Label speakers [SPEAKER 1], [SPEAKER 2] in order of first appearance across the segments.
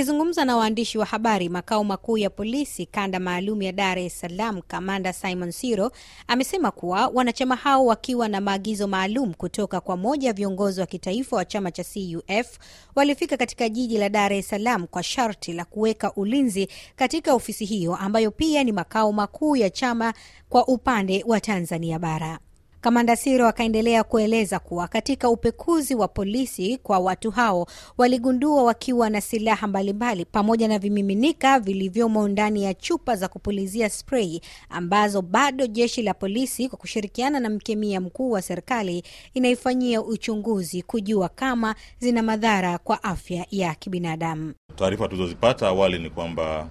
[SPEAKER 1] Akizungumza na waandishi wa habari makao makuu ya polisi kanda maalum ya Dar es Salaam, kamanda Simon Siro amesema kuwa wanachama hao wakiwa na maagizo maalum kutoka kwa moja ya viongozi wa kitaifa wa chama cha CUF walifika katika jiji la Dar es Salaam kwa sharti la kuweka ulinzi katika ofisi hiyo ambayo pia ni makao makuu ya chama kwa upande wa Tanzania bara. Kamanda Siro akaendelea kueleza kuwa katika upekuzi wa polisi kwa watu hao waligundua wakiwa na silaha mbalimbali pamoja na vimiminika vilivyomo ndani ya chupa za kupulizia sprei ambazo bado jeshi la polisi kwa kushirikiana na mkemia mkuu wa serikali inaifanyia uchunguzi kujua kama zina madhara kwa afya ya kibinadamu.
[SPEAKER 2] Taarifa tulizozipata awali ni kwamba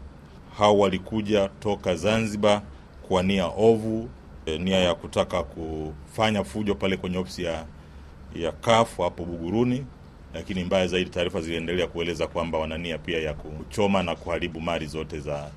[SPEAKER 2] hao walikuja toka Zanzibar kwa nia ovu nia ya kutaka kufanya fujo pale kwenye ofisi ya, ya CAF hapo Buguruni, lakini mbaya zaidi taarifa ziliendelea kueleza kwamba wana nia pia ya kuchoma na kuharibu mali zote za,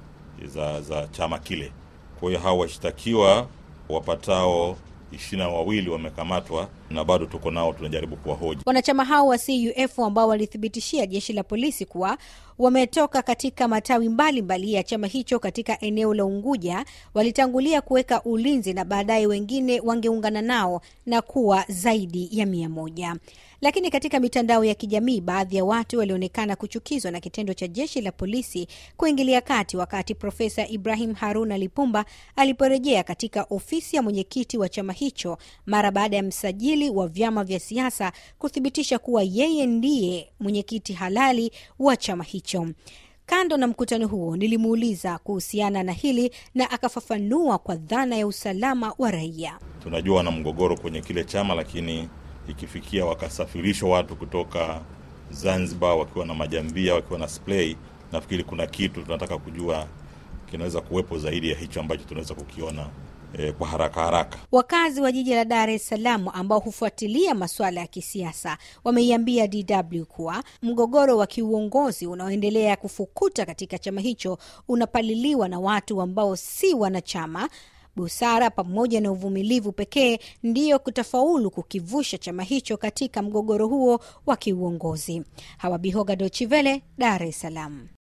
[SPEAKER 2] za, za chama kile. Kwa hiyo hawa washtakiwa wapatao ishirini na wawili wamekamatwa na bado tuko nao, tunajaribu kuwahoji
[SPEAKER 1] wanachama hao wa CUF ambao walithibitishia jeshi la polisi kuwa wametoka katika matawi mbalimbali mbali ya chama hicho katika eneo la Unguja. Walitangulia kuweka ulinzi na baadaye wengine wangeungana nao na kuwa zaidi ya mia moja. Lakini katika mitandao ya kijamii, baadhi ya watu walionekana kuchukizwa na kitendo cha jeshi la polisi kuingilia kati wakati Profesa Ibrahim Haruna Lipumba aliporejea katika ofisi ya mwenyekiti wa chama hicho mara baada ya msajili uhalali wa vyama vya siasa kuthibitisha kuwa yeye ndiye mwenyekiti halali wa chama hicho. Kando na mkutano huo, nilimuuliza kuhusiana na hili na akafafanua kwa dhana ya usalama wa raia.
[SPEAKER 2] Tunajua wana mgogoro kwenye kile chama, lakini ikifikia wakasafirishwa watu kutoka Zanzibar wakiwa na majambia, wakiwa na splay, nafikiri kuna kitu tunataka kujua kinaweza kuwepo zaidi ya hicho ambacho tunaweza kukiona eh, kwa haraka haraka.
[SPEAKER 1] Wakazi wa jiji la Dar es Salaam ambao hufuatilia masuala ya kisiasa wameiambia DW kuwa mgogoro wa kiuongozi unaoendelea kufukuta katika chama hicho unapaliliwa na watu ambao si wanachama. Busara pamoja na uvumilivu pekee ndiyo kutafaulu kukivusha chama hicho katika mgogoro huo wa kiuongozi. Hawabihoga Dochivele, Dar es Salaam.